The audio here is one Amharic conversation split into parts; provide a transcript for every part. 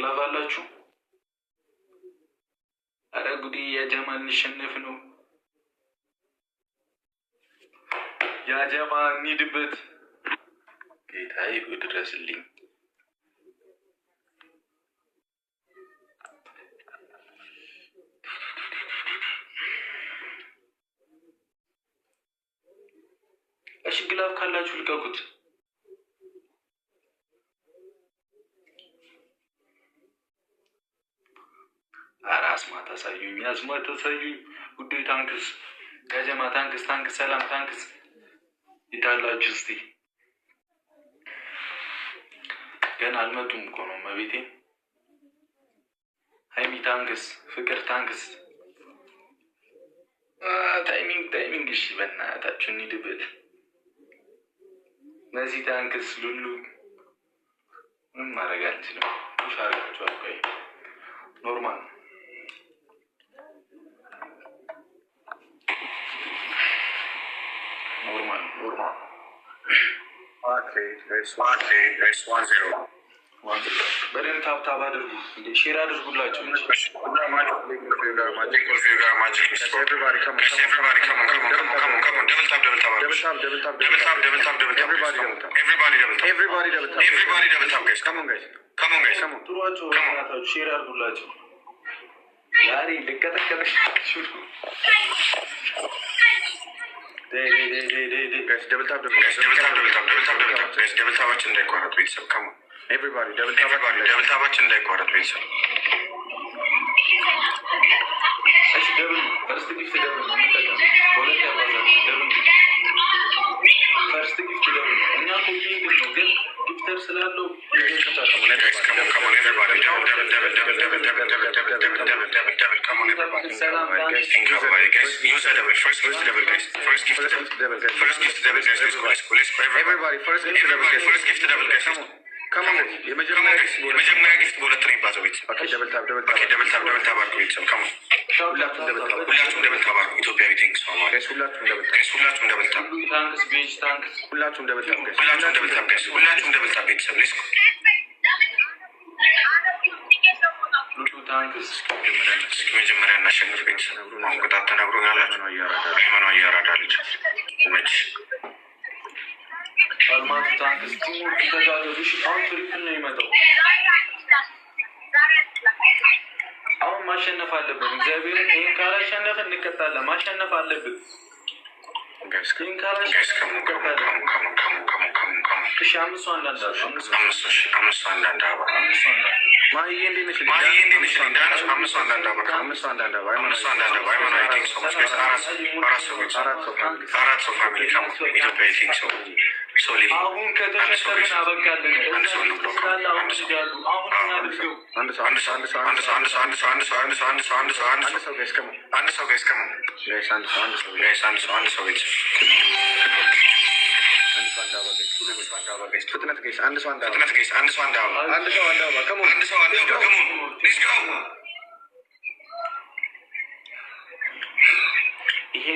ግላፍ አላችሁ? አረ ጉዲ ያጀማን እንሸነፍ ነው። ያጀማ እንሂድበት። ጌታዬ ድረስልኝ። እሺ ግላፍ ካላችሁ ልቀቁት። ኧረ አስማት አሳዩኝ፣ አስማት አሳዩኝ። ውዴ ታንክስ ገጀማ ታንክስ፣ ታንክስ፣ ሰላም ታንክስ። ይታላችሁ እስቲ ገና አልመጡም እኮ ነው መቤቴ። ሀይሚ ታንክስ፣ ፍቅር ታንክስ። ታይሚንግ ታይሚንግ። እሺ በእናታችሁ እንሂድበት። እነዚህ ታንክስ ሉሉ ምን ማድረግ አንችልም። ሻርጋቸው አልቆይ ኖርማል Burma. በደንብ ታብታብ አድርጉ፣ ሼር አድርጉላቸው ሼር አድርጉላቸው። ዛሬ ልቀጠቀጠችሁ ደብልታባችን ቤተሰብ ከሙ ደብልታባችን እንዳይቋረጥ ቤተሰብ First gift double guys. First gift double guys. Let's go. Let's go. Let's Everybody. First gift double guys. First gift double guys. Come on. የመጀመሪያ ጊፍት በሁለት ነው የሚባለው። ቤተሰብ መጀመሪያ እናሸንፍ ቤተሰብ ሃይማኖ እያራዳል አልማዝ ታንክስ አሁን ነው ይመጣው። አሁን ማሸነፍ አለብን። እግዚአብሔር ይህን ካላሸነፍ እንቀጣለን። ማሸነፍ አለብን። ይህን ካላሸነፍ እንቀጣለን። እሺ አምስቷ አንዳንድ አምስቷ አንዳንድ አንድ ሰው ጋይስ ከሙ ይሄን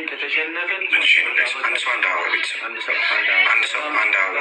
ከተሸነፍን አንድ አንድ ሰው አንድ አበባ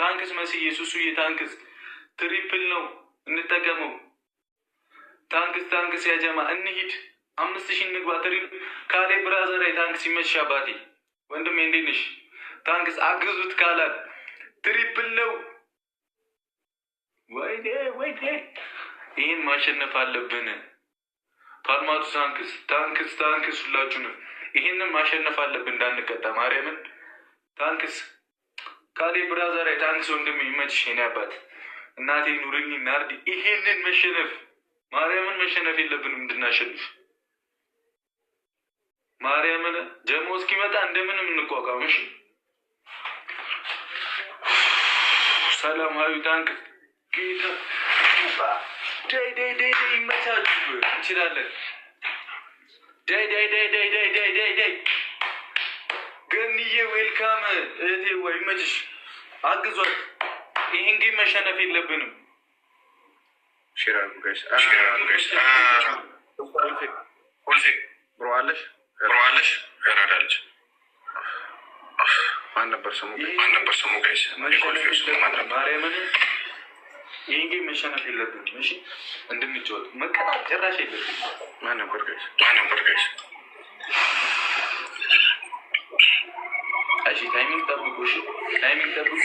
ታንክስ መሲ ኢየሱስ ታንክስ ትሪፕል ነው እንጠቀመው። ታንክስ ታንክስ ያጀማ እንሂድ፣ አምስት ሺህ እንግባ። ትሪ ካሌ ብራዘር ታንክስ ይመሻ አባቴ ወንድሜ እንዴት ነሽ? ታንክስ አግዙት ካላል ትሪፕል ነው። ወይኔ ወይኔ ይህን ማሸነፍ አለብን። ፓልማቱ ታንክስ ታንክስ ታንክስ ሁላችሁንም ይህንን ማሸነፍ አለብን እንዳንቀጣ ማርያምን ታንክስ ካሌ ብራዘር አይታንስ ወንድም ይመችሽ የኔ አባት። እናቴ ኑርኒ ናርዲ ይሄንን መሸነፍ ማርያምን መሸነፍ የለብንም እንድናሸንፍ ማርያምን ደግሞ እስኪመጣ እንደምንም እሺ ሰላም ሀዩ ታንክ ጌታ ዳይ ዳይ ዳይ ዳይ ይመቻችሁ፣ እንችላለን። ዳይ ዳይ ዳይ ዳይ ዳይ ዳይ ዳይ ገንዬ ዌልካም እህቴ፣ ወይ መችሽ አግዟት። ይህን ግን መሸነፍ የለብንም። ማን ነበር ስሙ? ማን ነበር ጋይስ? እሺ ታይሚንግ ጠብቁ። እሺ ታይሚንግ ጠብቁ።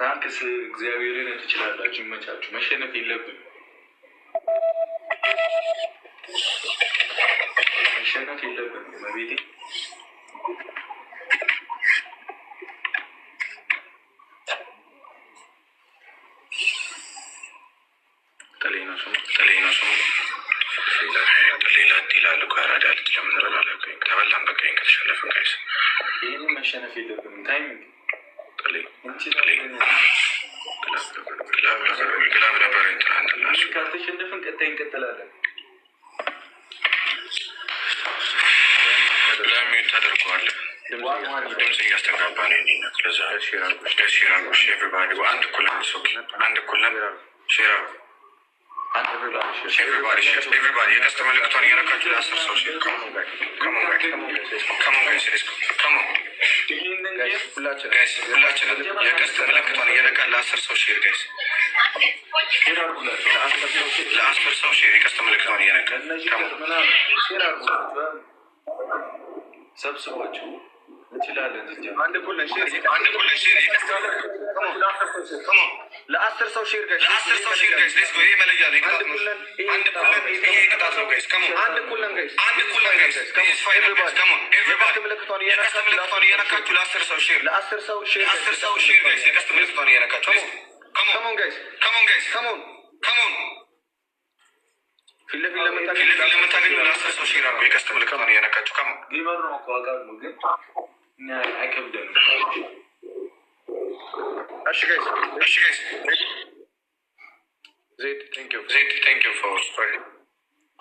ታንክስ እግዚአብሔርን ትችላላችሁ። ይመቻችሁ። መሸነፍ የለብን መሸነፍ የለብን መቤቴ ይላሉ ከአራዳ ልጅ ለምን ረጋለኝ ተበላን በቃኝ ከተሸነፍን ጋይስ ይህን መሸነፍ የለብም ታይሚንግ ግላብ ነበር ትናንትና ካልተሸነፍን ቀጣይ እንቀጥላለን ላሚዩት ታደርገዋለን ድምፅ እያስተጋባ ነው ለዛ ሼር አድርጉ ኤቭሪባዲ አንድ እኩል አንድ እኩል ሼር አድርጉ Everybody shift. Everybody shift. Everybody. En este momento Tony yana kaç lira associate. Come on back. Come on back. Come on guys. Let's Come on. Guys, ሰብስቧችሁ ለአስር ሰው ሼር ፊት ለፊት ለምታገኙ ለአስር ሰው ሼር አድርጉ። የቀስት ምልክቷን እየነካችሁ ከመሆን ሊበሩ ነው ዋጋ ግን አይከብደንም።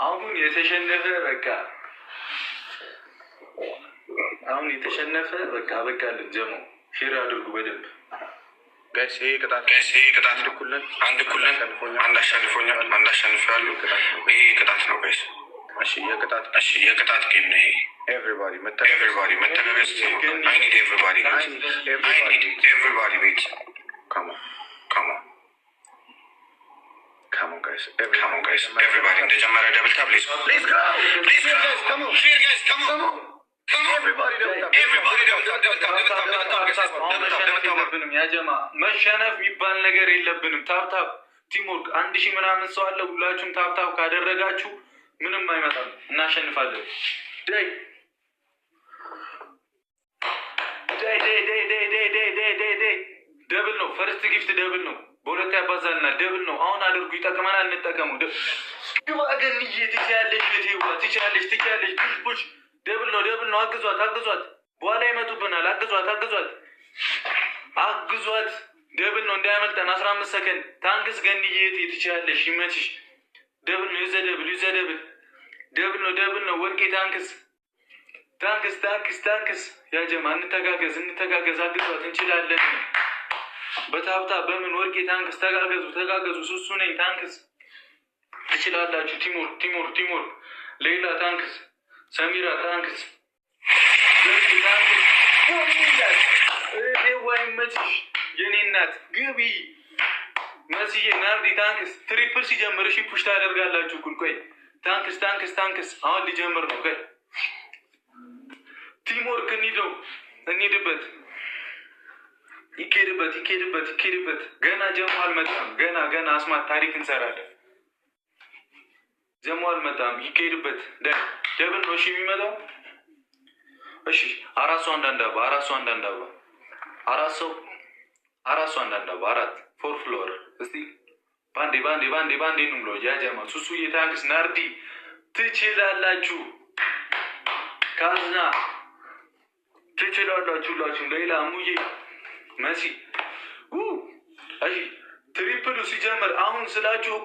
አሁን የተሸነፈ በቃ አሁን የተሸነፈ በቃ በቃልን ጀሞ ሼር አድርጉ በደንብ ጋይስ። ይሄ ቅጣት አንድ እኩልን አንድ አሸንፎኛል፣ አንድ አሸንፎ ያሉ ይሄ ቅጣት ነው ጋይስ። የቅጣት ጌም ነው ያጀማ መሸነፍ የሚባል ነገር የለብንም። ታፕታፕ ቲሞርክ አንድ ሺህ ምናምን ሰው አለ። ሁላችሁም ታፕታፕ ካደረጋችሁ ምንም አይመጣም። እናሸንፋለን። ደብል ነው። ፈርስት ጊፍት ደብል ነው። በሁለት ያባዛልናል። ደብል ነው። አሁን አድርጉ። ይጠቅመናል። እንጠቀሙ። ግባ ገንዬ፣ ትችያለሽ። ቴዋ ትችያለሽ፣ ትችያለሽ። ቡሽ ደብል ነው። ደብል ነው። አግዟት፣ አግዟት። በኋላ ይመጡብናል። አግዟት፣ አግዟት፣ አግዟት። ደብል ነው። እንዳያመልጠን። አስራ አምስት ሰከንድ ታንክስ ገንዬ፣ ትችያለሽ። ይመችሽ ደብል ነው። ይዘ ደብል ይዘ ደብል ደብል ነው። ደብል ነው። ወርቄ ታንክስ ታንክስ ታንክስ ታንክስ። ያጀማ እንተጋገዝ፣ እንተጋገዝ፣ አግዟት እንችላለን። በታብታ በምን ወርቄ ታንክስ። ተጋገዙ፣ ተጋገዙ። ሱሱ ነኝ ታንክስ። ትችላላችሁ። ቲሞር ቲሞር ቲሞር። ሌላ ታንክስ። ሰሚራ ታንክስ። ታንክስ። ወይመችሽ የኔ እናት ግቢ መስዬ ናርዲ ታንክስ ትሪፕል ሲጀምር እሺ ፑሽ ታደርጋላችሁ። ጉድ ቆይ ታንክስ ታንክስ ታንክስ። አሁን ሊጀምር ነው። ቆይ ቲምወርክ እንሂደው፣ እንሂድበት፣ ይኬድበት፣ ይኬድበት፣ ይኬድበት። ገና ጀሞ አልመጣም። ገና ገና አስማት ታሪክ እንሰራለን። ጀሞ አልመጣም። ይኬድበት። ደብል ነው እሺ የሚመጣው። እሺ አራት ሰው አንዳንድ አባ አራት ሰው አንዳንድ አባ አራት ሰው አራት ሰው አንዳንድ አባ አራት ፎር ፍሎር እስቲ ባንዴ ባንዴ ባንዴ ባንዴ ነው ብለው ጃጃማ ሱሱ የታንክስ ናርዲ ትችላላችሁ፣ ካዝና ትችላላችሁ። ላችሁ ሌላ ሙዬ መሲ እሺ፣ ትሪፕሉ ሲጀምር አሁን ስላችሁ